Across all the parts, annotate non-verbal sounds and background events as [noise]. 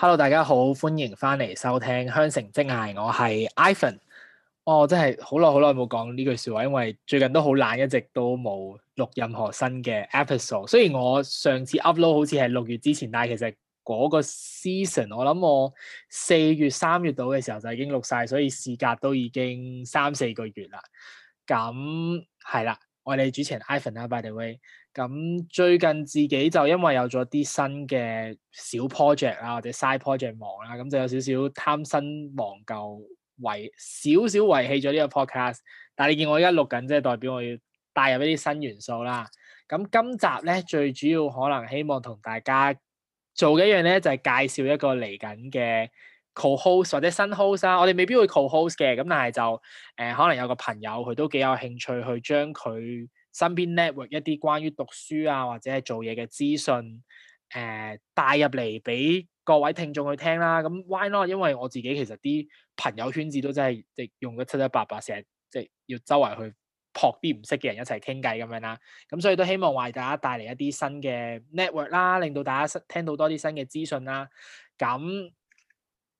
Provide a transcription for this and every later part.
hello，大家好，歡迎翻嚟收聽《香城即藝》，我係 Ivan。我、哦、真係好耐好耐冇講呢句說話，因為最近都好懶，一直都冇錄任何新嘅 episode。雖然我上次 upload 好似係六月之前，但係其實嗰個 season，我諗我四月、三月到嘅時候就已經錄晒，所以事隔都已經三四個月啦。咁係啦。我哋主持人 Ivan 啦，by the way，咁最近自己就因為有咗啲新嘅小 project 啦，或者 side project 忙啦，咁就有少少貪新忘舊遺，少少遺棄咗呢個 podcast。但係你見我而家錄緊，即係代表我要帶入一啲新元素啦。咁今集咧，最主要可能希望同大家做嘅一樣咧，就係介紹一個嚟緊嘅。co-host 或者新 host 啊，我哋未必會 co-host 嘅，咁但係就誒、呃、可能有個朋友佢都幾有興趣去將佢身邊 network 一啲關於讀書啊或者係做嘢嘅資訊誒、呃、帶入嚟俾各位聽眾去聽啦。咁 why not？因為我自己其實啲朋友圈子都真係即用得七七八八，成日即係要周圍去撲啲唔識嘅人一齊傾偈咁樣啦。咁所以都希望為大家帶嚟一啲新嘅 network 啦，令到大家聽到多啲新嘅資訊啦。咁。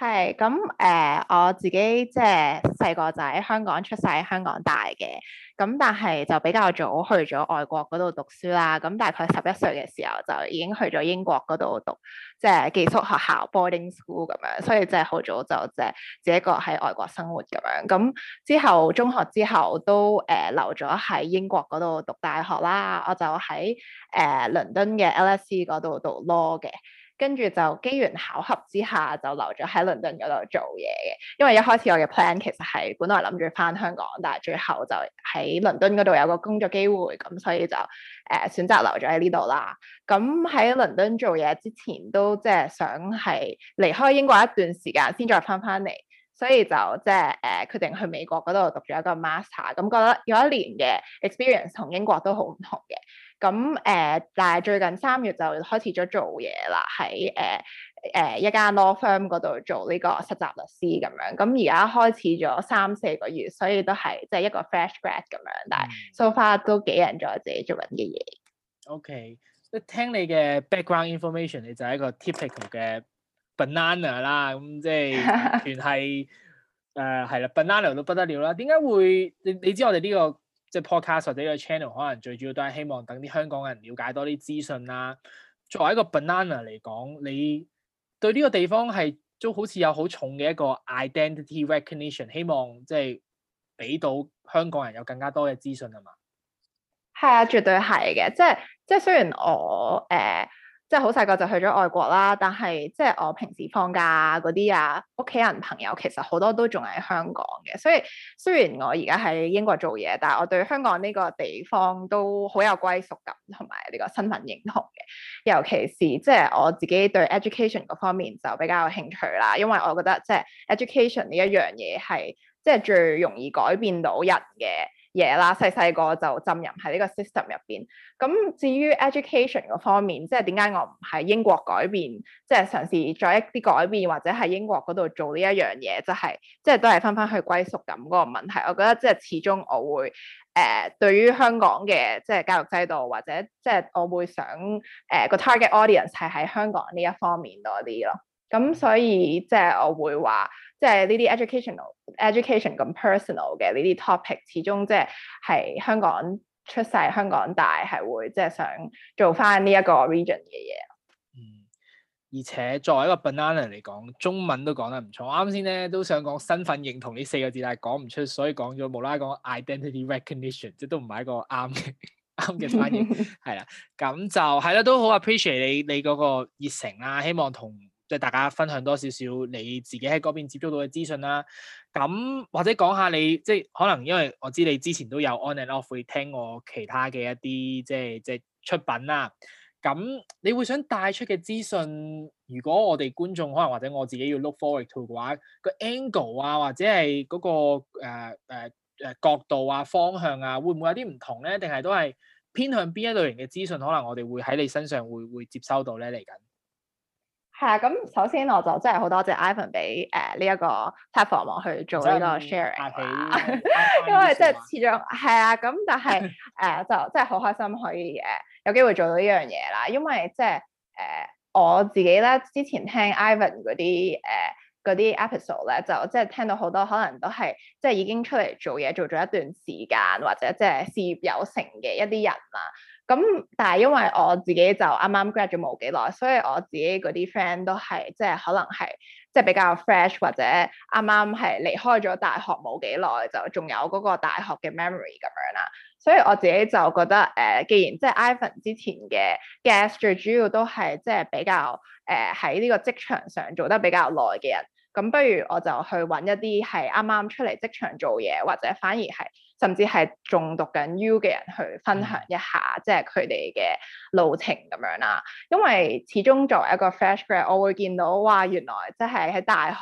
係咁誒，我自己即係細個就喺香港出世，喺香港大嘅。咁但係就比較早去咗外國嗰度讀書啦。咁大概十一歲嘅時候就已經去咗英國嗰度讀，即係寄宿學校 boarding school 咁樣。所以即係好早就即係自己一個喺外國生活咁樣。咁之後中學之後都誒留咗喺英國嗰度讀大學啦。我就喺誒倫敦嘅 LSE 嗰度讀 law 嘅。跟住就機緣巧合之下就留咗喺倫敦嗰度做嘢嘅，因為一開始我嘅 plan 其實係本來諗住翻香港，但係最後就喺倫敦嗰度有個工作機會，咁所以就誒、呃、選擇留咗喺呢度啦。咁喺倫敦做嘢之前都即係想係離開英國一段時間先再翻翻嚟，所以就即係誒決定去美國嗰度讀咗一個 master，咁覺得有一年嘅 experience 同英國都好唔同嘅。咁誒、嗯，但係最近三月就開始咗做嘢啦，喺誒誒一間 law firm 嗰度做呢個實習律師咁樣。咁而家開始咗三四個月，所以都係即係一個 fresh grad 咁樣。但係 so far 都幾欣賞自己做緊嘅嘢。OK，即、so，係聽你嘅 background information，你就係一個 typical 嘅 banana 啦。咁、嗯、即係聯繫誒係啦，banana 都不得了啦。點解會你你知我哋呢、這個？即係 podcast 或者呢個 channel，可能最主要都係希望等啲香港人了解多啲資訊啦。作為一個 banana 嚟講，你對呢個地方係都好似有好重嘅一個 identity recognition，希望即係俾到香港人有更加多嘅資訊啊嘛。係啊，絕對係嘅。即係即係雖然我誒。呃即係好細個就去咗外國啦，但係即係我平時放假嗰啲啊，屋企人朋友其實好多都仲喺香港嘅，所以雖然我而家喺英國做嘢，但係我對香港呢個地方都好有歸屬感同埋呢個身份認同嘅。尤其是即係我自己對 education 嗰方面就比較有興趣啦，因為我覺得即係 education 呢一樣嘢係即係最容易改變到人嘅。嘢啦，細細個就浸入喺呢個 system 入邊。咁至於 education 嗰方面，即係點解我唔喺英國改變，即係嘗試再一啲改變，或者喺英國嗰度做呢一樣嘢，就係即係都係返返去歸屬感嗰個問題。我覺得即係始終我會誒對於香港嘅即係教育制度，或者即係我會想誒個 target audience 係喺香港呢一方面多啲咯。咁所以即係我會話，即係呢啲 educational、education 咁 personal 嘅呢啲 topic，始終即係香港出世、香港大，係會即係想做翻呢一個 region 嘅嘢。嗯，而且作為一個 banana 嚟講，中文都講得唔錯。我啱先咧都想講身份認同呢四個字，但係講唔出，所以講咗無啦啦講 identity recognition，即都唔係一個啱嘅啱嘅翻譯。係啦，咁 [laughs] 就係啦，都好 appreciate 你你嗰個熱情啦，希望同。即係大家分享多少少你自己喺嗰邊接觸到嘅資訊啦，咁或者講下你即係可能因為我知你之前都有 on and off 會聽我其他嘅一啲即係即係出品啦、啊，咁你會想帶出嘅資訊，如果我哋觀眾可能或者我自己要 look forward to 嘅話，個 angle 啊或者係嗰，個誒誒誒角度啊方向啊，會唔會有啲唔同咧？定係都係偏向邊一類型嘅資訊可能我哋會喺你身上會會接收到咧嚟緊。係啊，咁首先我就真係好多謝 Ivan 俾誒呢、呃、一、這個 platform 去做呢個 sharing，是因為即係設咗係啊，咁但係誒、 [laughs] 呃、就真係好開心可以誒有機會做到呢樣嘢啦，因為即係誒我自己咧之前聽 Ivan 嗰啲誒啲、呃、episode 咧，就即係聽到好多可能都係即係已經出嚟做嘢做咗一段時間或者即係事業有成嘅一啲人啦。咁但係因為我自己就啱啱 grad 完冇幾耐，所以我自己嗰啲 friend 都係即係可能係即係比較 fresh 或者啱啱係離開咗大學冇幾耐，就仲有嗰個大學嘅 memory 咁樣啦。所以我自己就覺得誒、呃，既然即係 Ivan 之前嘅 guest 最主要都係即係比較誒喺呢個職場上做得比較耐嘅人，咁不如我就去揾一啲係啱啱出嚟職場做嘢或者反而係，甚至係仲讀緊 U 嘅人去分享一下，嗯、即係佢哋嘅路程咁樣啦。因為始終作為一個 fresh grad，我會見到嘩原來即係喺大學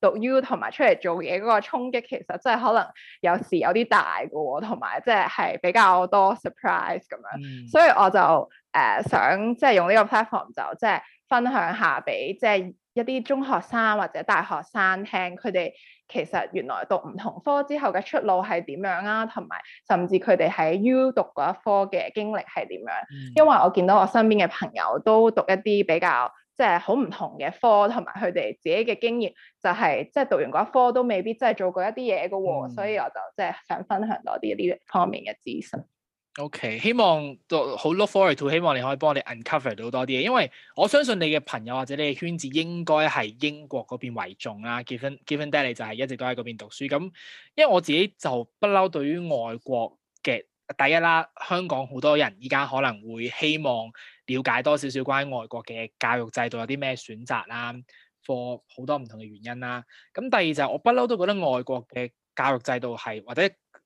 讀 U 同埋出嚟做嘢嗰個衝擊，其實真係可能有時有啲大嘅喎，同埋即係係比較多 surprise 咁樣。嗯、所以我就誒、呃、想即係用呢個 platform 就即係分享下俾即係一啲中學生或者大學生聽佢哋。其實原來讀唔同科之後嘅出路係點樣啊？同埋甚至佢哋喺 U 讀嗰一科嘅經歷係點樣？嗯、因為我見到我身邊嘅朋友都讀一啲比較即係好唔同嘅科，同埋佢哋自己嘅經驗就係即係讀完嗰一科都未必真係做過一啲嘢嘅喎，嗯、所以我就即係想分享多啲呢方面嘅知識。O.K. 希望都好 look forward to 希望你可以幫我哋 uncover 到多啲嘢，因為我相信你嘅朋友或者你嘅圈子應該係英國嗰邊為重啦。Given, given daily 就係一直都喺嗰邊讀書。咁因為我自己就不嬲對於外國嘅第一啦，香港好多人依家可能會希望了解多少少關於外國嘅教育制度有啲咩選擇啦，for 好多唔同嘅原因啦。咁第二就係、是、我不嬲都覺得外國嘅教育制度係或者。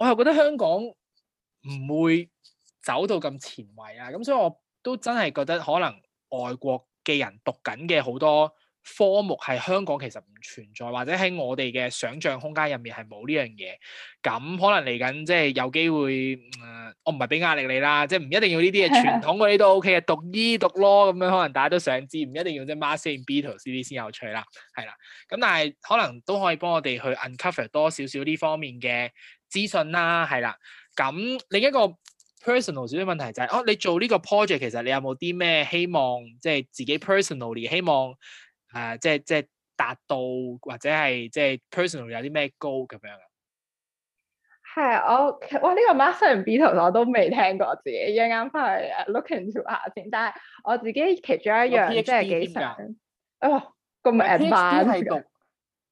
我又覺得香港唔會走到咁前衞啊，咁所以我都真係覺得可能外國嘅人讀緊嘅好多科目係香港其實唔存在，或者喺我哋嘅想象空間入面係冇呢樣嘢。咁可能嚟緊即係有機會，呃、我唔係俾壓力你啦，即係唔一定要呢啲嘢，傳統嗰啲都 OK 嘅，讀醫讀 law 咁樣，可能大家都想知，唔一定要即係 Master in B 同 C 先有趣啦，係啦。咁但係可能都可以幫我哋去 uncover 多少少呢方面嘅。資訊啦、啊，係啦。咁另一個 personal 少少問題就係、是，哦、啊，你做呢個 project 其實你有冇啲咩希望，即係自己 personal 啲希望，誒、啊，即係即係達到或者係即係 personal 有啲咩 goal 咁樣啊？係我哇，呢、這個 mastering Beatles 我都未聽過，自己一啱翻去 looking to 下先。但係我自己其中一樣嘢真係幾想，哦，咁難辦。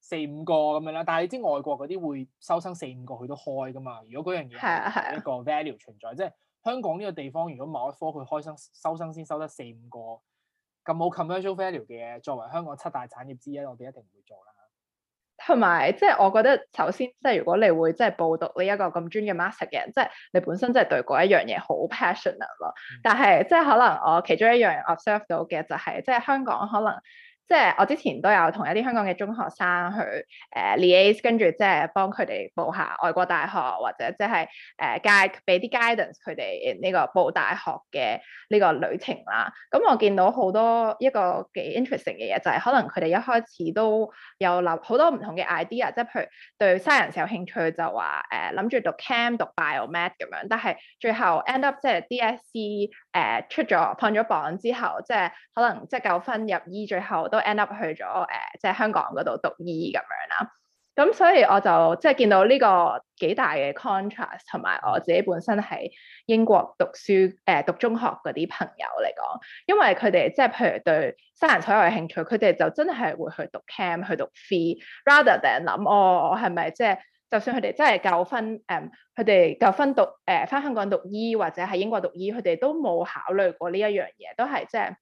四五個咁樣啦，但係你知外國嗰啲會收生四五個佢都開噶嘛？如果嗰樣嘢係一個 value,、啊、value 存在，即係香港呢個地方如果某一科佢開生收生先收得四五個咁冇 commercial value 嘅，作為香港七大產業之一，我哋一定唔會做啦。同埋即係我覺得首先即係如果你會即係報讀呢一個咁專嘅 master 嘅人，即係你本身即係對嗰一樣嘢好 passionate 咯、嗯。但係即係可能我其中一樣 observe 到嘅就係即係香港可能。即係我之前都有同一啲香港嘅中學生去誒、uh, liaise 跟住即係幫佢哋報下外國大學，或者即係誒 guide 俾啲 guidance 佢哋呢個報大學嘅呢個旅程啦。咁、嗯、我見到好多一個幾 interesting 嘅嘢，就係、是、可能佢哋一開始都有諗好多唔同嘅 idea，即係譬如對 science 有興趣就話誒諗住讀 Cam 讀 biomath 咁樣，但係最後 end up 即係 DSE 誒出咗放咗榜之後，即係可能即係夠分入醫，最後都 end up 去咗誒，即係香港嗰度讀醫咁樣啦。咁所以我就即係見到呢個幾大嘅 contrast，同埋我自己本身喺英國讀書誒讀中學嗰啲朋友嚟講，因為佢哋即係譬如對西洋菜有興趣，佢哋就真係會去讀 Cam 去讀 PhD rather than 諗我我係咪即係？就算佢哋真係夠分，誒佢哋夠分讀誒返、呃、香港讀醫或者喺英國讀醫，佢哋都冇考慮過呢一樣嘢，都係即係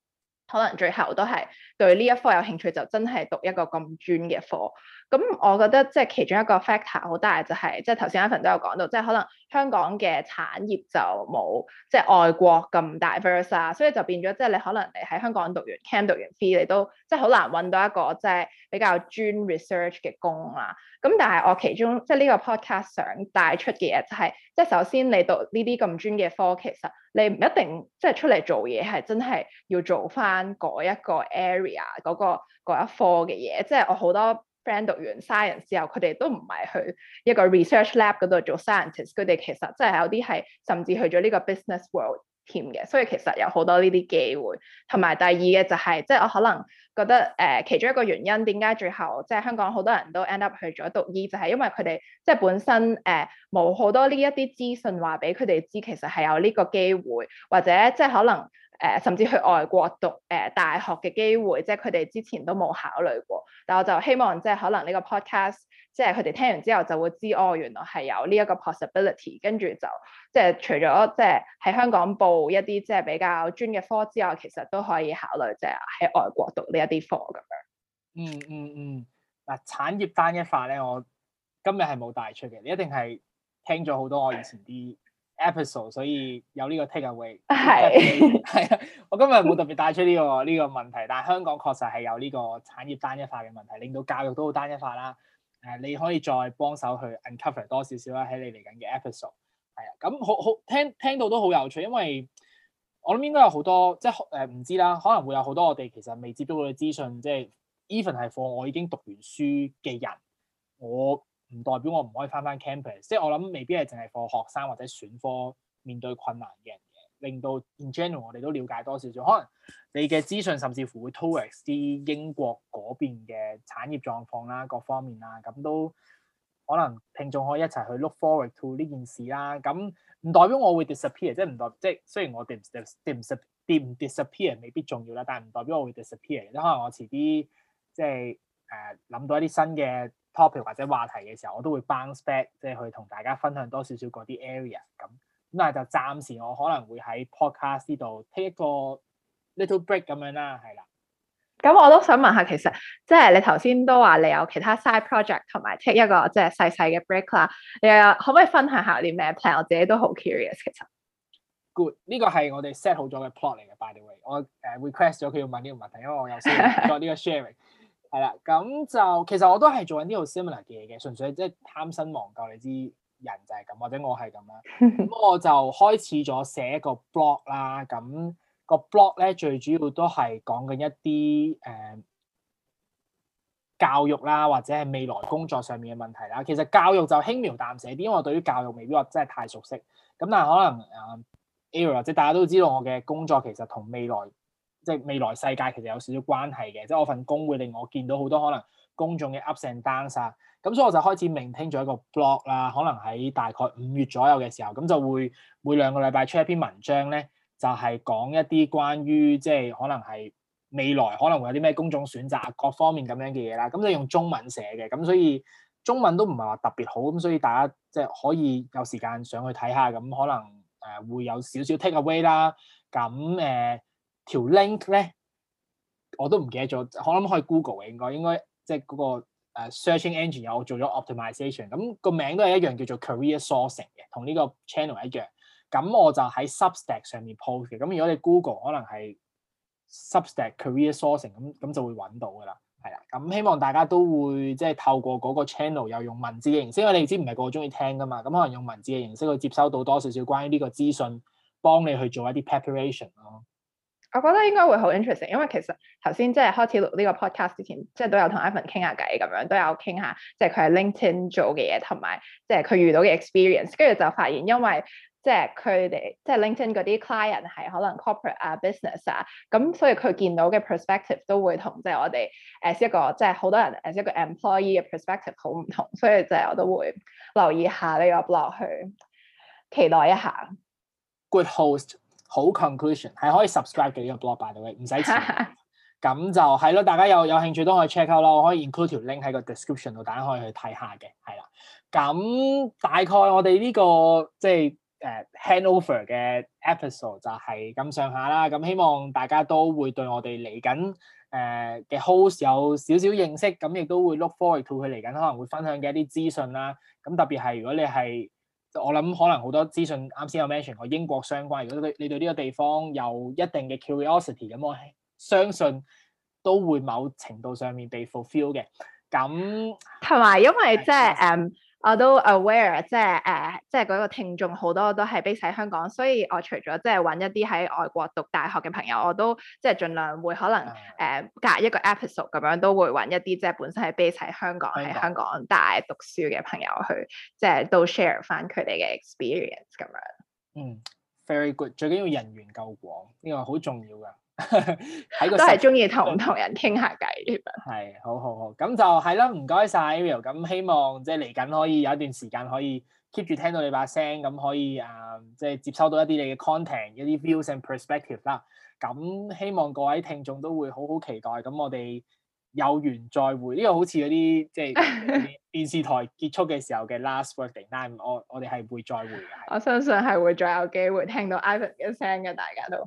可能最後都係對呢一科有興趣就真係讀一個咁專嘅科。咁我覺得即係其中一個 factor 好大就係即係頭先 Ivan 都有講到，即係可能。香港嘅產業就冇即係外國咁 diverse 所以就變咗即係你可能你喺香港讀完 Cam 讀完 PhD 你都即係好難揾到一個即係比較專 research 嘅工啦。咁但係我其中即係呢個 podcast 想帶出嘅嘢就係、是，即係首先你讀呢啲咁專嘅科，其實你唔一定即係出嚟做嘢係真係要做翻嗰一個 area 嗰、嗰個嗰一科嘅嘢。即係我好多。friend 讀完 science 之後，佢哋都唔係去一個 research lab 度做 scientist，佢哋其實即係有啲係甚至去咗呢個 business world 添嘅，所以其實有好多呢啲機會。同埋第二嘅就係、是，即、就、係、是、我可能覺得誒、呃、其中一個原因點解最後即係、就是、香港好多人都 end up 去咗讀醫，就係、是、因為佢哋即係本身誒冇好多呢一啲資訊話俾佢哋知，其實係有呢個機會，或者即係可能。誒、呃、甚至去外國讀誒、呃、大學嘅機會，即係佢哋之前都冇考慮過。但我就希望即係可能呢個 podcast，即係佢哋聽完之後就會知，哦，原來係有呢一個 possibility。跟住就即係除咗即係喺香港報一啲即係比較專嘅科之外，其實都可以考慮即係喺外國讀呢一啲科咁樣。嗯嗯嗯，嗱、嗯、產業單一化咧，我今日係冇帶出嘅。你一定係聽咗好多我以前啲。episode 所以有呢個 take away 係係啊，我今日冇特別帶出呢個呢個問題，但係香港確實係有呢個產業單一化嘅問題，令到教育都好單一化啦。誒、呃，你可以再幫手去 uncover 多少少啦，喺你嚟緊嘅 episode 係啊，咁好好聽聽到都好有趣，因為我諗應該有好多即係誒唔知啦，可能會有好多我哋其實未接觸到嘅資訊，即係 even 係課我已經讀完書嘅人，我。唔代表我唔可以返返 campus，即係我諗未必係淨係放學生或者選科面對困難嘅人嘅，令到 in general 我哋都了解多少少，可能你嘅資訊甚至乎會 towards 啲英國嗰邊嘅產業狀況啦，各方面啦，咁都可能聽眾可以一齊去 look forward to 呢件事啦。咁唔代表我會 disappear，即係唔代，即係雖然我 dis 唔 disappear 未必重要啦，但係唔代表我會 disappear，即可能我遲啲即係誒諗到一啲新嘅。topic 或者話題嘅時候，我都會 bounce back，即係去同大家分享多少少嗰啲 area 咁。咁但係就暫時，我可能會喺 podcast 呢度 take 一個 little break 咁樣啦，係啦。咁我都想問下，其實即係你頭先都話你有其他 side project 同埋 take 一個即係細細嘅 break 啦。你可唔可以分享下啲咩 plan？我自己都好 curious 其實。Good，呢個係我哋 set 好咗嘅 plot 嚟嘅。By the way，我誒、uh, request 咗佢要問呢個問題，因為我有做呢個 sharing。係啦，咁就其實我都係做緊呢個 similar 嘅嘢嘅，純粹即係貪新忘舊。你知人就係咁，或者我係咁啦。咁 [laughs] 我就開始咗寫個 blog 啦。咁個 blog 咧最主要都係講緊一啲誒、嗯、教育啦，或者係未來工作上面嘅問題啦。其實教育就輕描淡寫啲，因為我對於教育未必我真係太熟悉。咁但係可能 r e、啊、a ero, 即大家都知道我嘅工作其實同未來。即係未來世界其實有少少關係嘅，即係我份工會令我見到好多可能公眾嘅 ups and downs 啊，咁所以我就開始 maintain 咗一個 blog 啦。可能喺大概五月左右嘅時候，咁就會每兩個禮拜出一篇文章咧，就係、是、講一啲關於即係可能係未來可能會有啲咩公眾選擇各方面咁樣嘅嘢啦。咁你用中文寫嘅，咁所以中文都唔係話特別好，咁所以大家即係可以有時間上去睇下，咁可能誒會有少少 take away 啦，咁、呃、誒。條 link 咧，我都唔記得咗。可諗我諗可以 Google 應該應該，即係、那、嗰個、呃、searching engine 有做咗 optimization 咁個名都係一樣叫做 career saucing 嘅，同呢個 channel 一樣。咁、er、我就喺 Substack 上面 post 嘅。咁如果你 Google 可能係 Substack career saucing，咁咁就會揾到噶啦。係啦。咁希望大家都會即係透過嗰個 channel 又用文字嘅形式，因為你知唔係個個中意聽噶嘛。咁可能用文字嘅形式去接收到多少少關於呢個資訊，幫你去做一啲 preparation 咯。我覺得應該會好 interesting，因為其實頭先即係開始錄呢個 podcast 之前，即係都有同 Ivan 傾下偈咁樣，都有傾下即係佢喺 LinkedIn 做嘅嘢，同埋即係佢遇到嘅 experience。跟住就發現，因為即係佢哋即係 LinkedIn 嗰啲 client 係可能 corporate 啊、business 啊，咁所以佢見到嘅 perspective 都會同即係我哋 as 一個即係好多人 as 一個 employee 嘅 perspective 好唔同。所以就係我都會留意下呢個 blog 去期待一下。Good host。好 conclusion 係可以 subscribe 嘅呢個 blog [laughs] by the way，嘅，唔使錢，咁就係咯。大家有有興趣都可以 check out 咯，我可以 include 條 link 喺個 description 度，大家可以去睇下嘅，係啦。咁大概我哋呢、呢個即係誒 handover 嘅 episode 就係咁上下啦。咁、uh, 希望大家都會對我哋嚟緊誒嘅 host 有少少認識，咁亦都會 look forward to 佢嚟緊可能會分享嘅一啲資訊啦。咁特別係如果你係。我諗可能好多資訊剛剛，啱先有 mention 過英國相關。如果對你對呢個地方有一定嘅 curiosity，咁我相信都會某程度上面被 fulfill 嘅。咁同埋因為即係誒。嗯我都 aware，即係誒、呃，即係嗰個聽眾好多都係 base 喺香港，所以我除咗即係揾一啲喺外國讀大學嘅朋友，我都即係盡量會可能誒、呃，隔一個 episode 咁樣都會揾一啲即係本身係 base 喺香港、喺香港，香港大讀書嘅朋友去，即係都 share 返佢哋嘅 experience 咁樣。嗯，very good，最緊要人緣夠廣，呢個好重要㗎。喺 [laughs] 個十都係中意同唔同人傾下偈。係，好好好，咁就係啦。唔該晒，Ivan，咁希望即係嚟緊可以有一段時間可以 keep 住聽到你把聲，咁、嗯、可以啊、嗯，即係接收到一啲你嘅 content，一啲 views and perspective 啦，咁、嗯、希望各位聽眾都會好好期待，咁、嗯、我哋有緣再會，呢、這個好似嗰啲即係電視台結束嘅時候嘅 last [laughs] working time，我我哋係會再會嘅。我相信係會再有機會聽到 Ivan 嘅聲嘅，大家都。